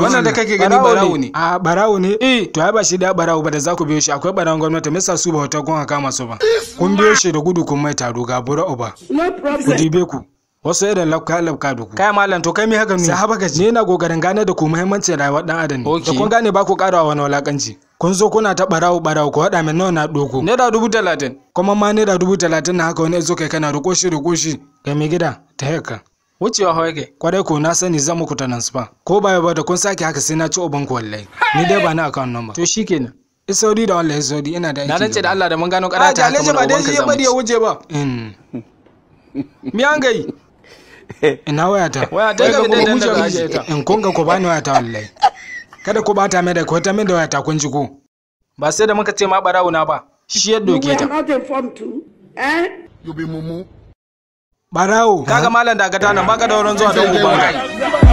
wannan da kake gani barawu ne a barawu ne to ai ba shi da barawu ba da za ku biyo shi akwai barawon gwamnati misa su ba hoton kun haka masu ba kun biyo shi da gudu kun mai taro ga bura uba ku dibe ku wasu irin lafka lafka da ku kai malam to kai mi haka ne sahaba gaji ne na gogarin gane da ku muhimmancin rayuwar dan adam ne da kun gane ba ku karawa wani walakanci kun zo kuna ta barawu-barawu ku haɗa min nawa na doko naira dubu talatin kuma ma naira dubu talatin na haka wani zo kai kana roƙo shi roƙo shi ga mai gida ta haka wucewa hawa yake kwarai ko na sani zan muku transfer ko ba ba da kun sake haka sai na ci uban ku wallahi ni dai ba na account number to shikenan isaudi da wallahi isaudi ina da aiki na nace da Allah da mun gano karata ah, haka ba dai ya bari ya wuce ba mi hmm. an gai ina wayata wayata ga da da ga in kun ga ku bani wayata wallahi kada ku bata mai da ku ta mai da wayata kun ji ko ba sai da muka ce ma barawuna ba shi ya doke ta eh? you be mumu barawo kaga malam da gata nan baka da wurin zuwa don ubanka